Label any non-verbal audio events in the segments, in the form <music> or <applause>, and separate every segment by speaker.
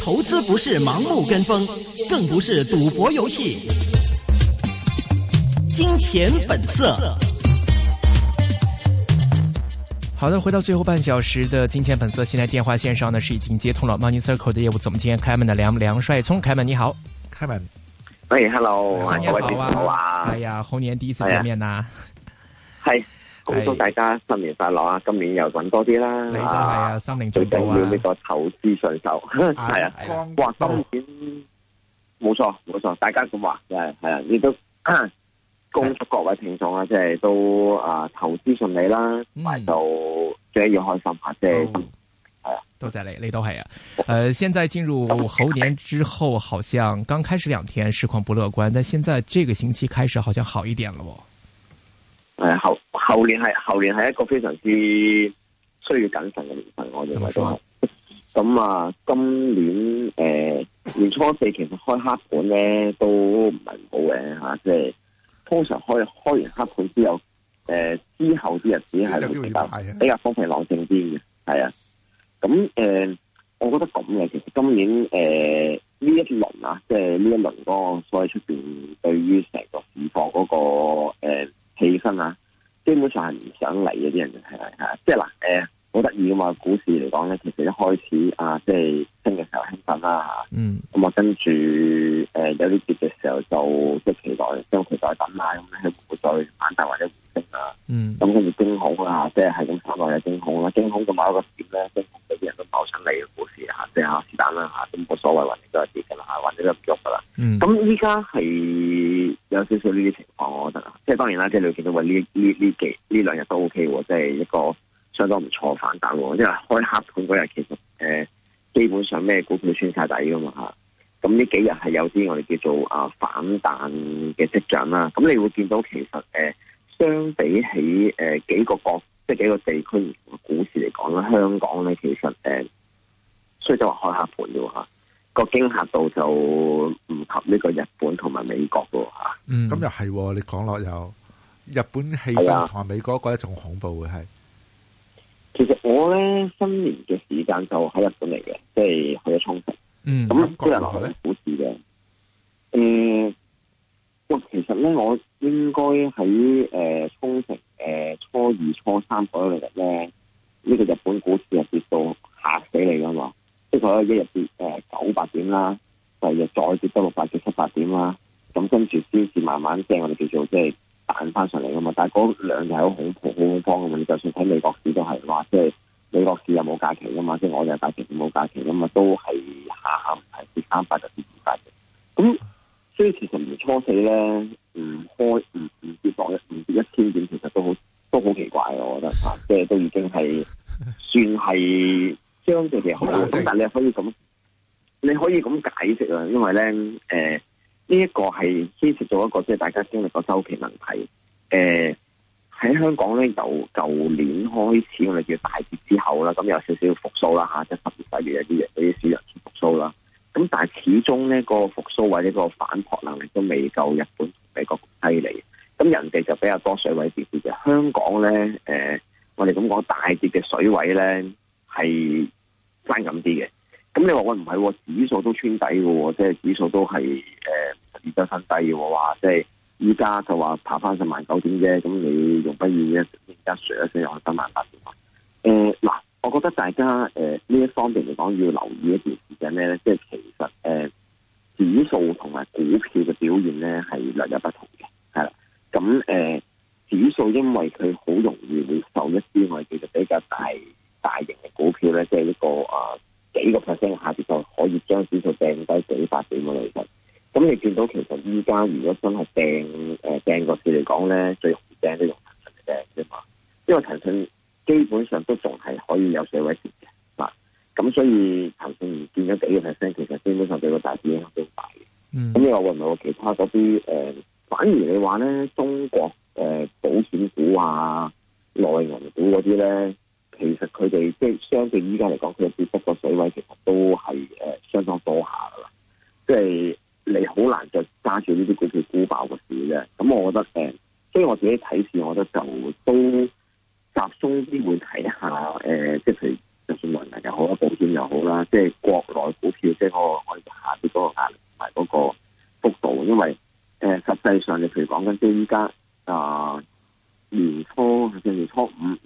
Speaker 1: 投資不是盲目跟風，更不是賭博遊戲。金錢本色戰友。好的，回到最
Speaker 2: 後半小時的《金錢本色》，現在電話線上呢是已經接通了 Money Circle 的業務總監 Clement、啊、的梁梁帥聰，Clement 你好。Clement，喂，Hello，新年好啊！ス哎呀，猴年第一次見面呐、啊。
Speaker 3: 嗨。祝大家新年快樂啊！今年又揾多
Speaker 2: 啲啦，啊，生命最重要呢個投資順手係啊。年啊啊
Speaker 3: 光哇，當然冇、啊、錯冇錯，大家咁話真係係啊。亦、啊、都恭祝各位聽眾啊，即、就、係、是、都啊投資順利啦，嗯、就最緊要開心下，即係
Speaker 2: 啊，都、就、在、是哦啊、你，你都係啊。誒、呃，現在進入猴年之後，好像剛開始兩天市況不樂觀，但現在這個星期開始好像好一點了。
Speaker 3: 哦、哎，好。猴年係猴年係一個非常之需要謹慎嘅年份，我認為都係。咁啊，今年誒、呃、年初四其實開黑盤咧都唔係好嘅吓，即、啊、係、就是、通常開開完黑盤之後，誒、呃、之後啲日子係比較比較風平浪靜啲嘅，係啊。咁誒、呃，我覺得咁嘅，其實今年誒呢、呃、一輪啊，即係呢一輪嗰、啊、所謂出邊對於成個市況嗰、那個誒氣氛、呃、啊。基本上係唔想嚟嘅啲人嘅係咪即係嗱，誒好得意㗎嘛，股市嚟講咧，其實一開始啊，即係升嘅時候興奮啦嚇，咁，嗯，啊跟住誒有啲跌嘅時候就即係期待將期待等下咁樣去再反彈或者回升啊，咁跟住驚恐啦，即係係咁三浪有驚恐啦，驚恐嘅某一個點咧。即係啊，是但啦吓，都冇所謂，或者都係跌噶啦，或者都唔喐噶啦。咁依家係有少少呢啲情況，我覺得，即係當然啦，即係你會見到話呢呢呢幾呢兩日都 O K 喎，即係一個相當唔錯嘅反彈。因為開黑盤嗰日其實誒、呃，基本上咩股票穿晒底噶嘛吓，咁、啊、呢幾日係有啲我哋叫做啊反彈嘅跡象啦。咁你會見到其實誒、呃，相比起誒、呃、幾個國，即係幾個地區股市嚟講咧，香港咧其實誒。呃即係就開下盤嘅吓，個驚嚇度就唔及呢個日本同埋美國嘅吓。
Speaker 1: 咁又係，你講落有日本氣氛同埋美國嗰一種恐怖嘅係。其實我咧新年嘅時間就喺日本嚟嘅，即係去咗沖繩。
Speaker 3: 嗯，咁日落去下股市嘅。嗯，喂，其實咧我應該喺誒沖繩誒初二初三嗰一日咧，呢個日本股市入跌到嚇死你噶嘛～即係可能一日跌誒九百點啦，第二日再跌多六百至七百點啦，咁跟住先至慢慢即係我哋叫做即係彈翻上嚟噶嘛。但係嗰兩日係好恐怖、好恐慌噶嘛。你就算睇美國市都係話，即係美國市又冇假期噶嘛，即係我哋係假期冇假期噶嘛，都係下下唔係跌三百就跌五百嘅。咁所以其實年初四咧，唔開唔唔跌多一唔一千點，其實都好都好奇怪，我覺得啊，即係都已經係算係。相對嚟好，但係你可以咁，你可以咁解釋啊。因為咧，誒、呃、呢、這個、一個係牽涉咗一個即係大家經歷過周期問題。誒、呃、喺香港咧，由舊年開始我哋叫大跌之後啦，咁有少少復甦啦，嚇，即係十月、十一月啲啲啲市開始復甦啦。咁但係始終咧、個復甦或者個反撲能力都未夠日本、美國咁犀利。咁人哋就比較多水位跌跌嘅，香港咧、呃、我哋咁講大跌嘅水位咧係。是翻咁啲嘅，咁 <noise> 你話我唔係，指數都穿底嘅，即係指數都係誒跌得翻低嘅話，即係依家就話、是、爬翻十萬九點啫，咁你用不呢？一加水一一啊，先有十萬八點嘛？誒，嗱，我覺得大家誒呢、呃、一方面嚟講要留意一段時間呢，咧、就是，即、呃、係、嗯呃、其實誒指數同埋股票嘅表現咧係略有不同嘅，係啦，咁誒指數因為佢好容易會受一啲外界嘅比較大。大型嘅股票咧，即係一個啊、呃、幾個 percent 下跌就可以將指數掟低幾百點嘅利潤。咁你見到其實依家如果真係掟誒掟個市嚟講咧，最容易掟都用騰訊嘅啫嘛，因為騰訊基本上都仲係可以有四位數嘅嗱，咁所以騰訊唔見咗幾個 percent，其實基本上俾個大市影響都大嘅。咁你話會唔會有其他嗰啲誒？反而你話咧，中國誒、呃、保險股啊、內銀股嗰啲咧？其實佢哋即係相對依家嚟講，佢跌得個水位其實都係誒、呃、相當多下噶啦，即、就、係、是、你好難再揸住呢啲股票沽爆嘅事啫。咁我覺得誒、呃，所以我自己睇市，我覺得就都集中啲會睇下誒、呃，即係譬如就算銀行又好，保險又好啦，即係國內股票，即係嗰、那個我下跌嗰個壓力同埋嗰個幅度。因為誒、呃、實際上，你譬如講緊即係依家啊年初甚至年初五。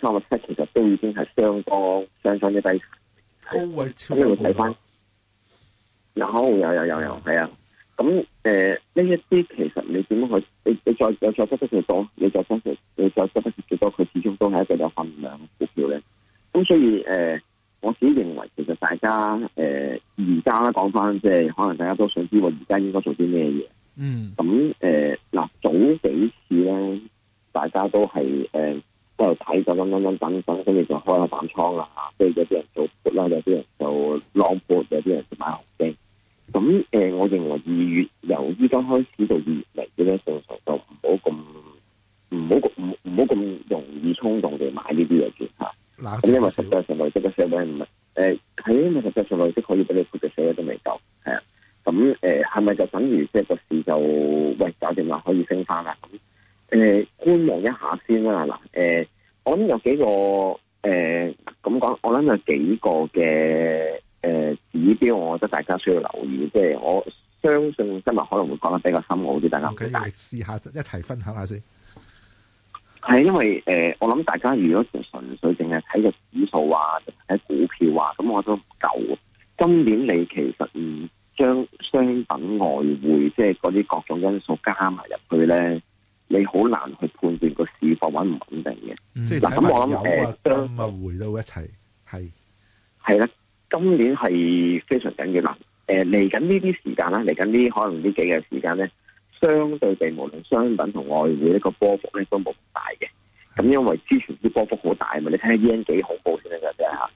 Speaker 3: 三百七其實都已經係相當相當之低，哦、會高位超跌。睇翻有有有有有係啊，咁誒呢一啲其實你點樣去？你你再再得得幾多，你再得得你再得得幾多，佢始終都係一個有份量嘅股票咧。咁所以誒、呃，我自己認為其實大家誒而家講翻，即、呃、係可能大家都想知我而家應該做啲咩嘢。嗯，咁誒嗱早幾次咧，大家都係誒。呃之後睇咗等等等等，跟住就開下板倉啦，吓，即係有啲人做闊啦，有啲人就 long，有啲人就買紅機。咁誒、嗯，我認為二月由依家開始到二月嚟嘅咧，到就唔好咁唔好唔唔好咁容易衝動地買呢啲嘢住吓。咁因為實際上嚟、呃，即係社唔係誒，喺物質上嚟，的可以俾你闊嘅社會都未夠，係啊。咁誒，係、呃、咪就等於即係個市就喂搞掂啦？可以升翻啦？誒、呃，觀望一下先啦。嗱，誒，我諗有幾個誒，咁、呃、講，我諗有幾個嘅誒、呃、指標，我覺得大家需要留意。即、就、係、是、我相信今日可能會講得比較深奧啲，大家可
Speaker 1: 以試下一齊分享下先。
Speaker 3: 係因為誒、呃，我諗大家如果純粹淨係睇個指數啊，睇股票啊，咁我都唔夠。今年你其實唔將商品、外匯，即係嗰啲各種因素加埋入去咧。你好難去判斷個市況穩唔穩定嘅，嗱，咁我諗誒都
Speaker 1: 咪回到一齊，係係啦，今
Speaker 3: 年係非常緊要啦，誒嚟緊呢啲時間啦，嚟緊呢可能呢幾日時間咧，相對地無論商品同外匯呢個波幅咧都冇咁大嘅。咁因為之前啲波幅好大啊嘛，你睇下 yen 幾恐怖先得噶啫嚇。看看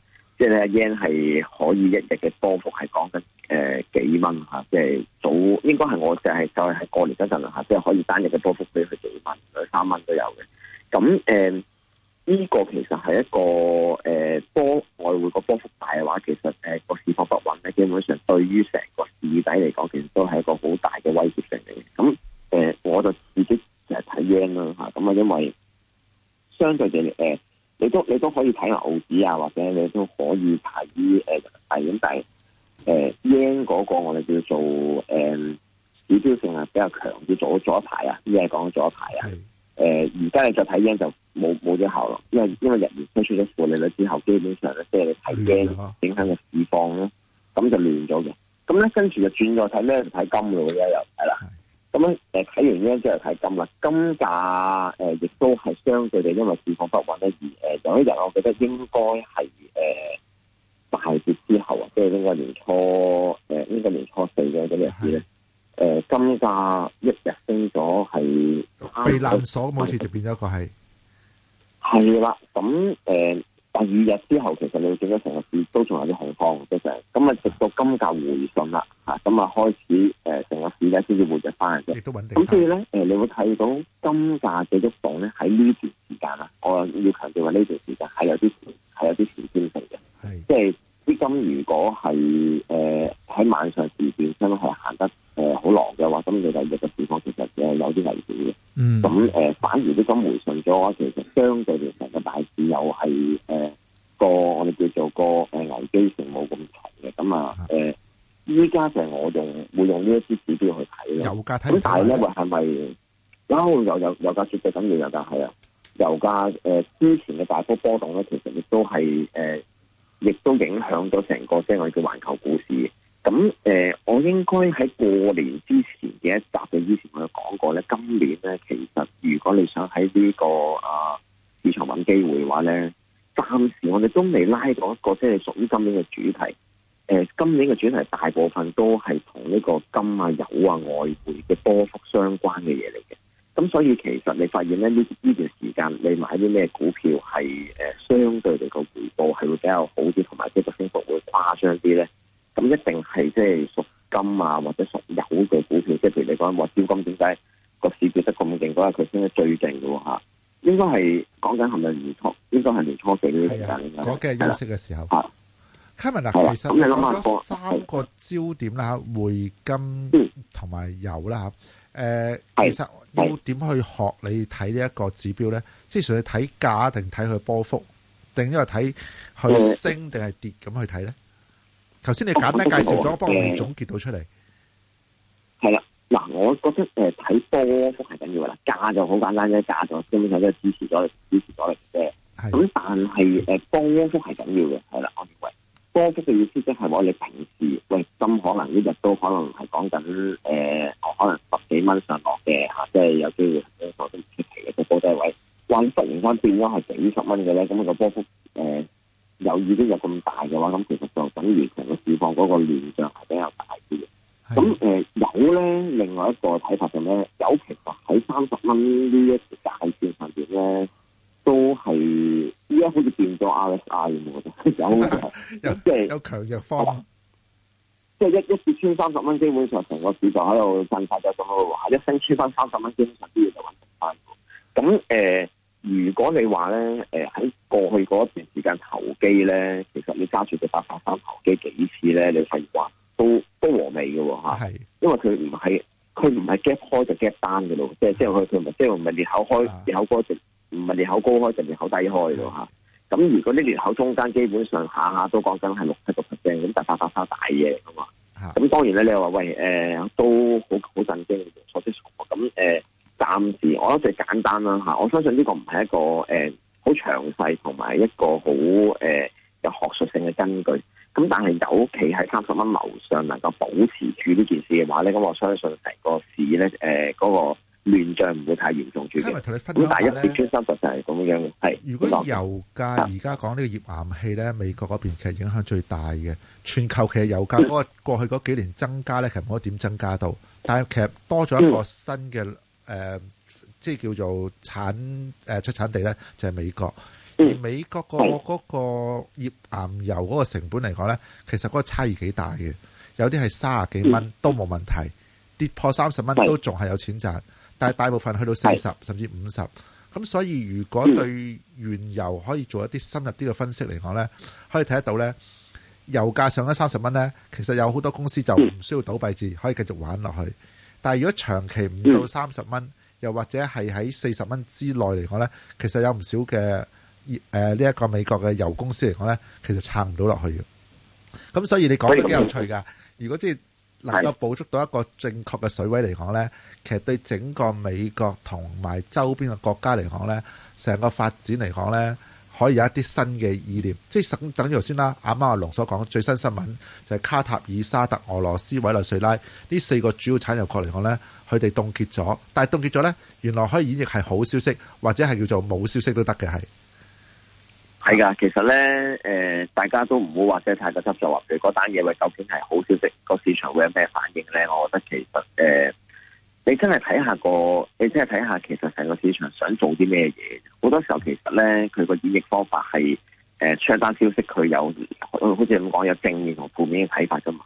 Speaker 3: 即係 yen 係可以一日嘅波幅係講緊誒幾蚊吓，即係早應該係我就係就係喺過年嗰陣啦吓，即係可以單日嘅波幅畀佢幾蚊兩三蚊都有嘅。咁誒呢個其實係一個誒波外匯個波幅大嘅話，其實誒個市況不穩咧，基本上對於成個市底嚟講，其實都係一個好大嘅威脅性嚟嘅。咁誒我就自己就睇 yen 啦吓，咁啊因為相對嚟。可以睇下澳紙啊，或者你都可以排。于誒大影帝誒英嗰個，我哋叫做誒、呃、指標性啊比較強啲。咗左一排啊，啲嘢講咗一排啊。誒是、呃，而家你再睇英就冇冇咗效咯，因為因為日元推出咗負利率之後，基本上咧即係你睇英影響嘅市況咧，咁就亂咗嘅。咁咧跟住就轉咗睇咩？睇金嘅，又。即係睇金啦，金價誒，亦、呃、都係相對地，因為市況不穩咧，而誒有一日，我覺得應該係誒大跌之後啊，即係呢個年初誒呢個年初四嘅嗰日子咧，誒金價一日升咗係避難
Speaker 1: 所，每次就變咗一個係
Speaker 3: 係啦，咁誒。但二日之後，其實你會見到成個市都仲有啲恐慌，慌，嘅成，咁啊，直到金價回順啦，嚇咁啊，開始誒成、呃、個市咧先至回躍翻嘅，咁所以咧，誒、呃、你會睇到金價嘅郁動咧喺呢段時間啦，我要強調話呢段時間係有啲係有啲時段性嘅，即係啲金如果係誒喺晚上時段，真係行得誒好狼嘅話，咁你第二日嘅市況其實係有啲危險嘅。咁誒反而啲金回順咗嘅話，其實。嗯加上我用會用呢一支指標去睇嘅，油價睇唔到但係咧，話係咪？歐油有油價跌嘅，咁原油價係啊。油價誒、呃，之前嘅大幅波，波動咧，其實亦都係誒，亦、呃、都影響咗成個即係我哋叫環球股市。咁誒、呃，我應該喺過年之前嘅一集嘅之前，我有講過咧，今年咧，其實如果你想喺呢、這個啊市場搵機會嘅話咧，暫時我哋都未拉到一個即係屬於今年嘅主題。誒，今年嘅主題大部分都係同呢個金啊、油啊、外匯嘅波幅相關嘅嘢嚟嘅，咁所以其實你發現咧呢呢段時間你買啲咩股票係誒、呃、相對嚟個回報係會比較好啲，同埋即個升幅會誇張啲咧，咁一定係即係屬金啊或者屬油嘅股票，即譬如你講招金點解個市跌得咁勁，嗰日佢先係最勁嘅吓，應該係講緊係咪年初？應該係年初四呢段時間休息嘅
Speaker 1: 時候吓、啊。啊嗱、啊，其實你講咗三個焦點啦，哈、嗯，匯金同埋油啦，哈、嗯。誒，其實要點去學你睇呢一個指標咧，即係純係睇價定睇佢波幅，定因為睇佢升定係跌咁、嗯、去睇咧。頭先你簡單介紹咗，嗯嗯、幫你總結到出嚟。
Speaker 3: 係啦，嗱，我覺得誒睇波幅係緊要嘅啦，價就好簡單啫，價就基本上都係支持咗、支持咗嚟嘅。咁但係誒波幅係緊要嘅，係啦，我認為。波幅嘅意思即係話你平時喂，咁可能呢日都可能係講緊誒，可能十幾蚊上落嘅吓，即係有機會有我都接皮嘅個波低位，但係突然間變咗係幾十蚊嘅咧，咁個波幅誒，呃、有意都有咁大嘅話，咁其實就等於成個市況嗰個亂象係比較大啲嘅。咁誒的、呃，有咧，另外一個睇法就咧，有其實喺三十蚊呢一條界線上面咧。都係依家好似變咗 RSI 咁，有有即係有強弱
Speaker 1: 方，即係、就
Speaker 3: 是、一一跌穿三十蚊，基本上成個市場在震就喺度振發咗咁嘅話，一升穿翻三十蚊，基本上啲嘢就穩翻。咁誒、呃，如果你話咧，誒、呃、喺過去嗰一段時間投機咧，其實你揸住隻八百三投機幾次咧，你係話都都和味嘅吓，係是因為佢唔係佢唔係 gap 開就 gap 單嘅咯，的即係即係佢佢唔即係唔係裂口開裂口唔係連口高開就連口低開咯嚇，咁、嗯、如果啲連口中間基本上下下都講緊係六七個 percent 咁，大把大把大嘢噶嘛，咁、嗯、當然咧你話喂誒、呃、都好好震驚，措之錯咁誒，暫時我覺得最簡單啦嚇，我相信呢個唔係一個誒好、呃、詳細同埋一個好誒、呃、有學術性嘅根據，咁但係尤其係三十蚊樓上能夠保持住呢件事嘅話咧，咁我相信成個市咧誒嗰個。亂象唔會太嚴重，因你分咁大一跌穿三十就係咁樣嘅。
Speaker 1: 如果油價而家講呢個頁岩氣咧，美國嗰邊其實影響最大嘅。全球其實油價嗰個、嗯、過去嗰幾年增加咧，其實冇一點增加到。但係其實多咗一個新嘅、嗯呃、即係叫做產誒、呃、出產地咧，就係、是、美國。而美國的個嗰個頁岩油嗰個成本嚟講咧，其實個差異幾大嘅。有啲係卅幾蚊都冇問題，跌破三十蚊都仲係有錢賺。但係大部分去到四十甚至五十咁，所以如果對原油可以做一啲深入啲嘅分析嚟講呢，可以睇得到呢，油價上咗三十蚊呢，其實有好多公司就唔需要倒閉至可以繼續玩落去。但係如果長期唔到三十蚊，又或者係喺四十蚊之內嚟講呢，其實有唔少嘅誒呢一個美國嘅油公司嚟講呢，其實撐唔到落去嘅。咁所以你講得幾有趣㗎？如果即係。能夠捕捉到一個正確嘅水位嚟講呢，其實對整個美國同埋周邊嘅國家嚟講呢，成個發展嚟講呢，可以有一啲新嘅意念，即係等等於頭先啦。啱啱阿龍所講最新新聞就係、是、卡塔爾、沙特、俄羅斯、委內瑞拉呢四個主要產油國嚟講呢，佢哋凍結咗，但係凍結咗呢，原來可以演繹係好消息，或者係叫做冇消息都得嘅係。
Speaker 3: 係噶，其實咧，誒、呃，大家都唔好或者太過執着話佢嗰單嘢，喂，究竟係好消息，個市場會有咩反應咧？我覺得其實，誒、呃，你真係睇下個，你真係睇下，其實成個市場想做啲咩嘢，好多時候其實咧，佢個演繹方法係，誒、呃，出一單消息佢有，呃、好似咁講有正面同負面嘅睇法噶嘛。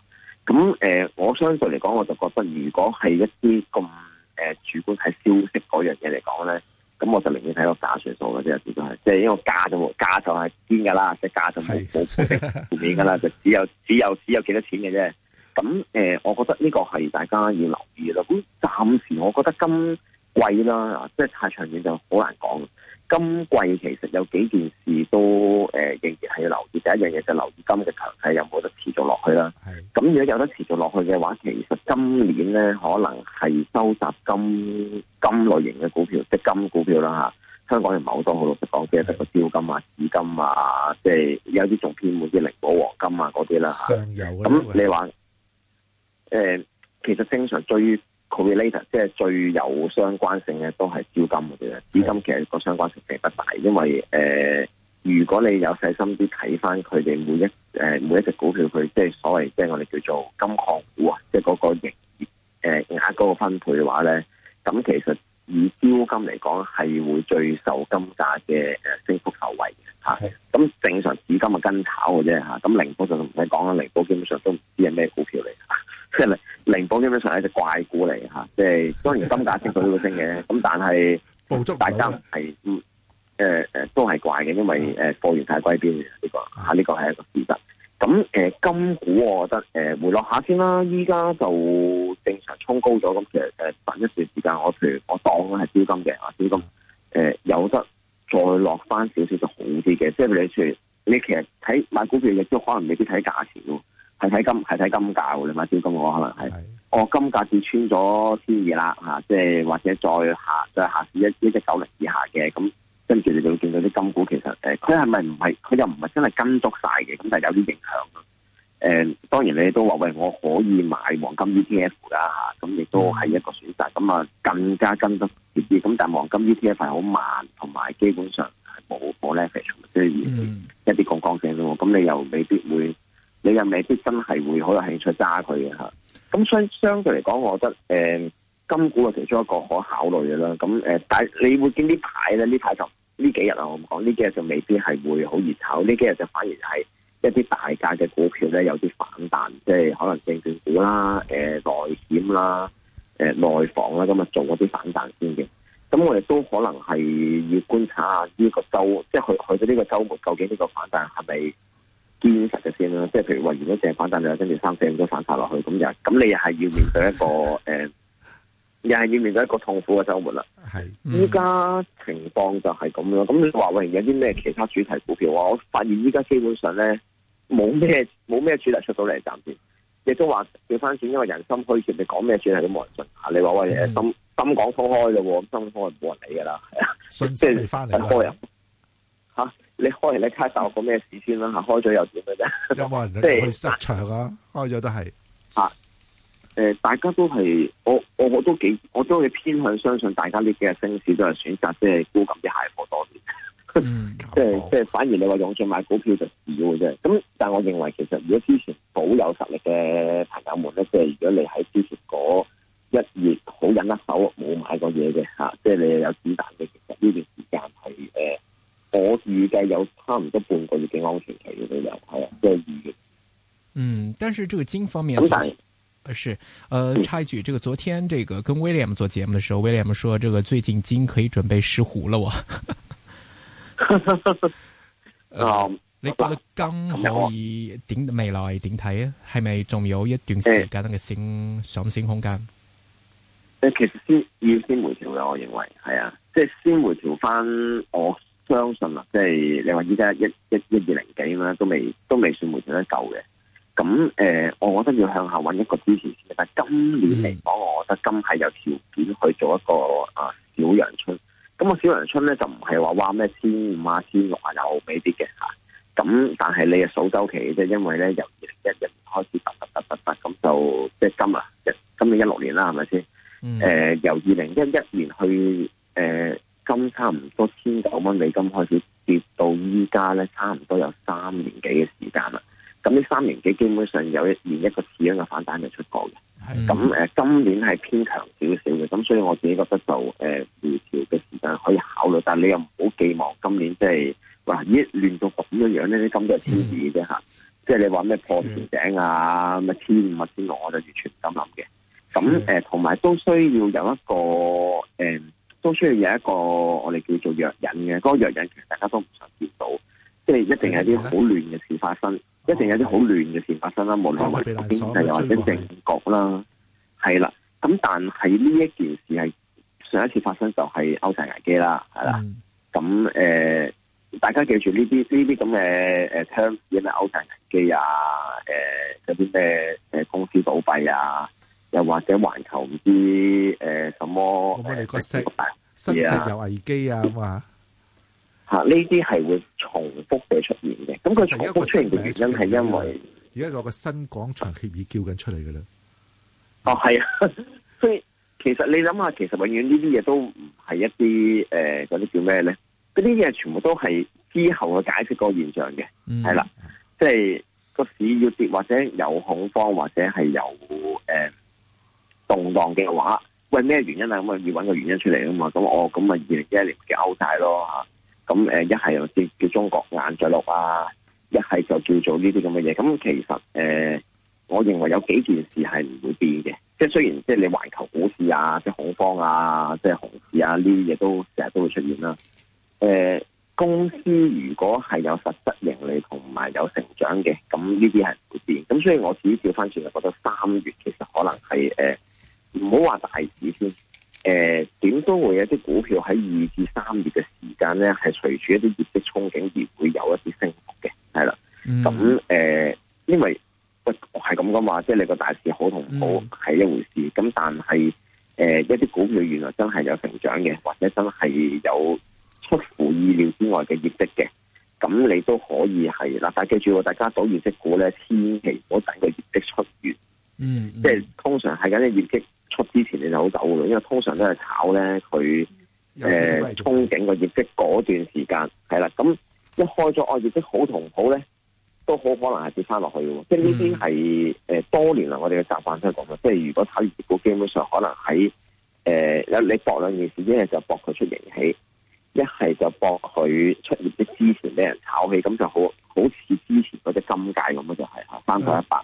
Speaker 3: 咁，誒、呃，我相信嚟講，我就覺得如果係一啲咁，誒、呃，主觀睇消息嗰樣嘢嚟講咧。咁我就寧願睇個價算數嘅啫，其實係，即係因為價就價就係堅㗎啦，即係價就冇冇變嘅啦，是 就只有 <laughs> 就只有只有幾多錢嘅啫。咁誒、呃，我覺得呢個係大家要留意咯。咁暫時我覺得今季啦，即係太長遠就好難講今季其實有幾件事都誒、呃，仍然係要留意。第一樣嘢就留意金嘅強勢有冇得持續落去啦。咁的，如果有得持續落去嘅話，其實今年咧可能係收集金金類型嘅股票，即金股票啦吓。香港人唔係好多，好老實即係講即係個招金啊、紫金啊，即係有啲仲偏門啲靈寶黃金啊嗰啲啦吓。咁你話誒、呃，其實正常對。co-related 即係最有相關性嘅都係招金嘅啫，招金其實個相關性並不大，因為誒、呃，如果你有細心啲睇翻佢哋每一誒、呃、每一隻股票，佢即係所謂即係我哋叫做金礦股啊，即係嗰個營業誒額嗰個分配嘅話咧，咁其實以招金嚟講係會最受金價嘅誒升幅受惠嘅吓，咁是的、啊、正常招金咪跟啊跟炒嘅啫吓，咁靈寶就同你講啦，靈寶基本上都唔知係咩股票嚟。靈寶基本上係一隻怪股嚟嚇，即係當然金價升佢都會升嘅，咁但係大家係嗯誒誒、呃、都係怪嘅，因為誒、呃、貨源太貴啲嚟嘅嚇，呢、呢個係、啊、一個事實。咁誒、呃、金股，我覺得誒、呃、回落下先啦。依家就正常衝高咗，咁其實誒、呃、等一段時間，我譬如我當係招金嘅，招、啊、金誒、呃、有得再落翻少少就好啲嘅。即係你你其實睇買股票亦都可能未必睇價錢咯。係睇金係睇金價喎，你買金股我可能係，我金價跌穿咗千二啦嚇，即係或者再下再下市一一九零以下嘅，咁跟住你就會見到啲金股其實，誒佢係咪唔係佢又唔係真係跟足曬嘅，咁但係有啲影響咯。誒當然你都話喂，我可以買黃金 ETF 啦嚇，咁亦都係一個選擇，咁啊更加跟得直接，咁但係黃金 ETF 係好慢，同埋基本上係冇冇 leverage，即係一啲槓桿性咯，咁你又未必會。你又未必真係會好有興趣揸佢嘅吓，咁所以相對嚟講，我覺得誒、欸，金股係其中一個可考慮嘅啦。咁誒，但係、欸、你會見啲牌咧，呢排就呢幾日啊，我唔講呢幾日就未必係會好熱炒，呢幾日就反而係一啲大價嘅股票咧有啲反彈，即係可能證券股啦、誒內險啦、誒內、欸、房啦，咁啊做嗰啲反彈先嘅。咁我哋都可能係要觀察下呢個周，即、就、係、是、去去到呢個周末，究竟呢個反彈係咪？堅實嘅先啦，即係譬如話如果淨係反彈，又跟住三四五都反彈落去，咁又咁你又係要面對一個誒， <laughs> uh, 又係要面對一個痛苦嘅周末啦。係，依、嗯、家情況就係咁樣。咁你話喂，有啲咩其他主題股票？我發現依家基本上咧，冇咩冇咩主題出到嚟，暫時亦都話要翻轉，因為人心虛蝕，你講咩主題都冇人信。啊，你話喂，深深港通開咯，咁深開冇人睇噶啦，
Speaker 1: 係啊，開了開了的信
Speaker 3: 唔翻嚟啦。你開嚟你睇下個咩事先啦吓，開咗又點嘅啫，
Speaker 1: 有冇人去失場啊。開咗都係
Speaker 3: 吓。誒、啊呃，大家都係我我我都幾，我都會偏向相信大家呢幾日升市都係選擇即係沽緊啲蟹貨多啲，即係即係反而你話用錢買股票就少嘅啫。咁但係我認為其實如果之前好有實力嘅朋友們咧，即、就、係、是、如果你喺之前嗰一月好忍得手冇買過嘢嘅吓，即、啊、係、就是、你又有子彈嘅，其實呢段時間係誒。呃我預計有差唔多半個月嘅安全期嘅
Speaker 2: 都有，係啊，都係二月。嗯，但是呢個金方面，咁但係是，啊是，呃插、嗯、一句，呢、這個昨天這個跟 William 做節目嘅時候，William 說，這個最近金可以準備食糊啦，我。你覺得金可以點未來點睇啊？係咪仲有一段時間嘅升上升空間，嗯？其實先要先
Speaker 3: 回調嘅，我認為係啊，即係先回調翻我。相信啦，即係你話依家一一一,一二零幾嘛，都未都未算完全得夠嘅。咁誒、呃，我覺得要向下揾一個支持線，但係今年嚟講，我覺得今係有條件去做一個、啊、小陽春。咁、那個小陽春咧就唔係話話咩千五啊千六又俾啲嘅吓。咁但係你係數周期即啫，因為咧由二零一一年開始突突突突突咁就即係今日，今年一六年啦係咪先？誒、嗯呃，由二零一一年去誒。呃金差唔多千九蚊美金開始跌到依家咧，差唔多有三年幾嘅時間啦。咁呢三年幾基本上有一年一個次嘅反彈就出過嘅。咁誒的今年係偏強少少嘅，咁所以我自己覺得就誒回調嘅時間可以考慮，但係你又唔好寄望今年即係嘩，一亂到咁嘅樣咧？啲金都係千二嘅啫吓，即係你話咩破船頂啊咩千五啊千六、啊，我就完全唔敢諗嘅。咁誒同埋都需要有一個誒。呃都需要有一個我哋叫做藥引嘅，嗰、那個藥引其實大家都唔想見到，即係一定有啲好亂嘅事發生，的一定有啲好亂嘅事發生啦，的無論係經濟又或者政局啦，係啦的。咁的但係呢一件事係上一次發生就係歐債危機啦，係啦的。咁、嗯呃、大家記住呢啲呢啲咁嘅誒，譬如咩歐債危機啊，誒、呃、有啲咩公司倒閉啊，又或者環球唔知誒、呃、什麼
Speaker 1: 新市有危機啊咁啊，
Speaker 3: 吓呢啲係會重複地出現嘅。咁佢重複出現嘅原因係因為
Speaker 1: 而家有個新廣場協議叫緊出嚟嘅啦。嗯、
Speaker 3: 哦，係啊，所以其實你諗下，其實永遠、呃、呢啲嘢都唔係一啲誒嗰啲叫咩咧？嗰啲嘢全部都係之後去解釋個現象嘅。係啦、嗯，即係、啊就是、個市要跌或者有恐慌或者係有誒、呃、動盪嘅話。喂，咩原因啊？咁啊要搵個原因出嚟啊嘛！咁我咁啊，二零一一年嘅歐債咯吓。咁誒，一係又叫叫中國硬著陸啊，一係就叫做呢啲咁嘅嘢。咁其實誒、呃，我認為有幾件事係唔會變嘅，即係雖然即係你環球股市啊、即係恐慌啊、即係熊市啊呢啲嘢都成日都會出現啦。誒、呃，公司如果係有實質盈利同埋有成長嘅，咁呢啲係唔會變的。咁所以我自己調翻轉，就覺得三月其實可能係誒。呃唔好話大市先，誒、呃，點都會有啲股票喺二至三月嘅時間咧，係隨住一啲業績憧憬而會有一啲升幅嘅，係啦。咁誒、mm. 呃，因為喂係咁講話，即係你個大市好同唔好係一回事。咁但係誒、呃、一啲股票原來真係有成長嘅，或者真係有出乎意料之外嘅業績嘅，咁你都可以係嗱，但係記住，大家賭業績股咧，千祈唔好等個業績出完，嗯，即係通常係咁嘅業績。之前你就好走嘅，因為通常都係炒咧佢誒憧憬個業績嗰段時間係啦，咁一開咗我業績好同好咧，都好可能係跌翻落去嘅。嗯、即係呢啲係誒多年嚟我哋嘅習慣都係講嘅，即、就、係、是、如果炒業績，基本上可能喺誒有你搏兩件事，一係就搏佢出盈喜，一係就搏佢出業績之前俾人炒起，咁就好好似之前嗰隻金界咁樣就係、是、吓，三百一百，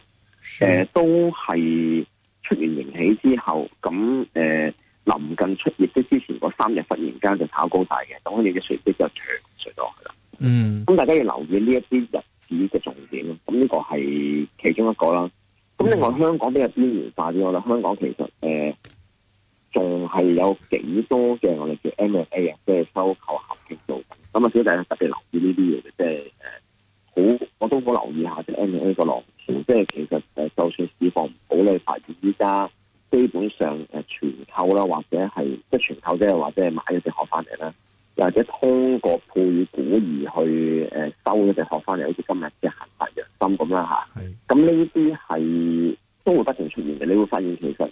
Speaker 3: 誒都係。出完迎起之後，咁誒臨近出業績之前嗰三日，忽然間就炒高大嘅，當你嘅隨即就跌跌落去啦。嗯，咁大家要留意呢一啲日子嘅重點咯。咁呢個係其中一個啦。咁另外香港比較邊緣化啲，我哋香港其實誒仲係有幾多嘅我哋叫 M&A 啊，即係收購合併做。咁啊，小弟特別留意呢啲嘢，即係誒好，我都好留意下啲 M&A 個浪。即係其實誒，就算市況唔好，你或者依家基本上誒全購啦，或者係即係全購即係或者係買咗一隻殼翻嚟啦，或者通過配股而去誒收一隻殼翻嚟，好似今日嘅恒發藥心咁啦吓。咁呢啲係都會不停出現嘅。你會發現其實誒、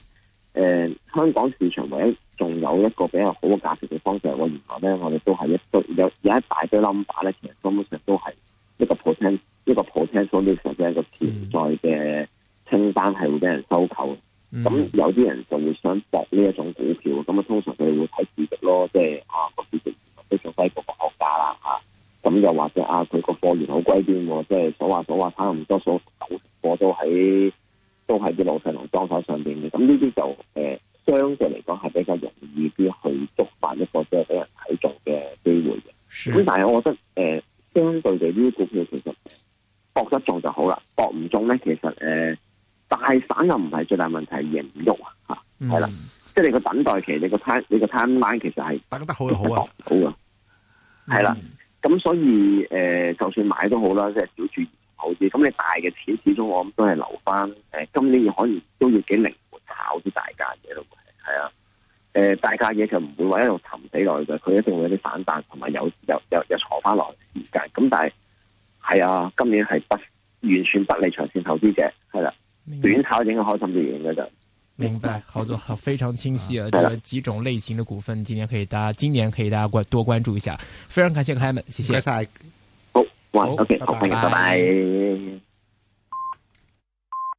Speaker 3: 呃、香港市場唯一仲有一個比較好嘅價值嘅方式，我原來咧，我哋都係一堆有有一大堆 number 咧，其實根本上都係一個 percent 這個 income，就一個 potential 即係一個潛在嘅清單係會俾人收購，咁、嗯、有啲人就會想搏呢一種股票，咁啊通常佢哋會睇市值咯，即係啊個市值非常低個個股價啦嚇，咁、啊啊、又或者啊佢個貨源好歸邊喎，即係所話所話，可能多數九成貨都喺都喺啲老細同莊手上邊嘅，咁呢啲就誒、呃、相對嚟講係比較容易啲去觸發一、這個即係俾人睇做嘅機會嘅。咁的但係我覺得誒、呃、相對地呢啲股票其實。搏得中就好啦，搏唔中咧，其實誒大反又唔係最大問題，唔喐吓係啦，即係你個等待期，你個你個 timeline 其實係等得好又好啊，好啊，係啦、嗯，咁、嗯、所以誒、呃、就算買都好啦，即係少注好啲，咁你大嘅錢始終我諗都係留翻誒、呃，今年可能都要幾靈活炒啲大價嘢咯，係啊，誒、呃、大價嘢就唔會話一路沉死落去嘅，佢一定會有啲反彈，同埋有有有有，有坐翻落嚟時間，咁但係。係啊，今年係不完全不理長線投資者，係啦，短炒已經開心完嘅就。
Speaker 2: 明白，好多非常清晰啊，有、啊、幾種類型嘅股份，今年可以大家，今年可以大家關多關注一下。非常感謝開們，謝謝。好，
Speaker 3: 好，拜拜、okay。Bye.